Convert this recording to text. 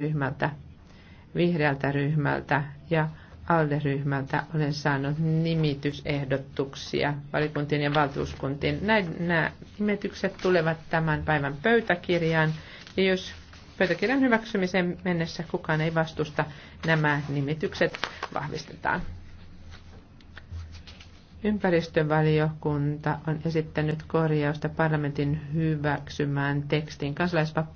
ryhmältä, vihreältä ryhmältä ja ALDE-ryhmältä olen saanut nimitysehdotuksia valikuntien ja valtuuskuntien. Näin, nämä nimitykset tulevat tämän päivän pöytäkirjaan ja jos pöytäkirjan hyväksymisen mennessä kukaan ei vastusta, nämä nimitykset vahvistetaan. Ympäristövaliokunta on esittänyt korjausta parlamentin hyväksymään tekstin kansalaisvapaa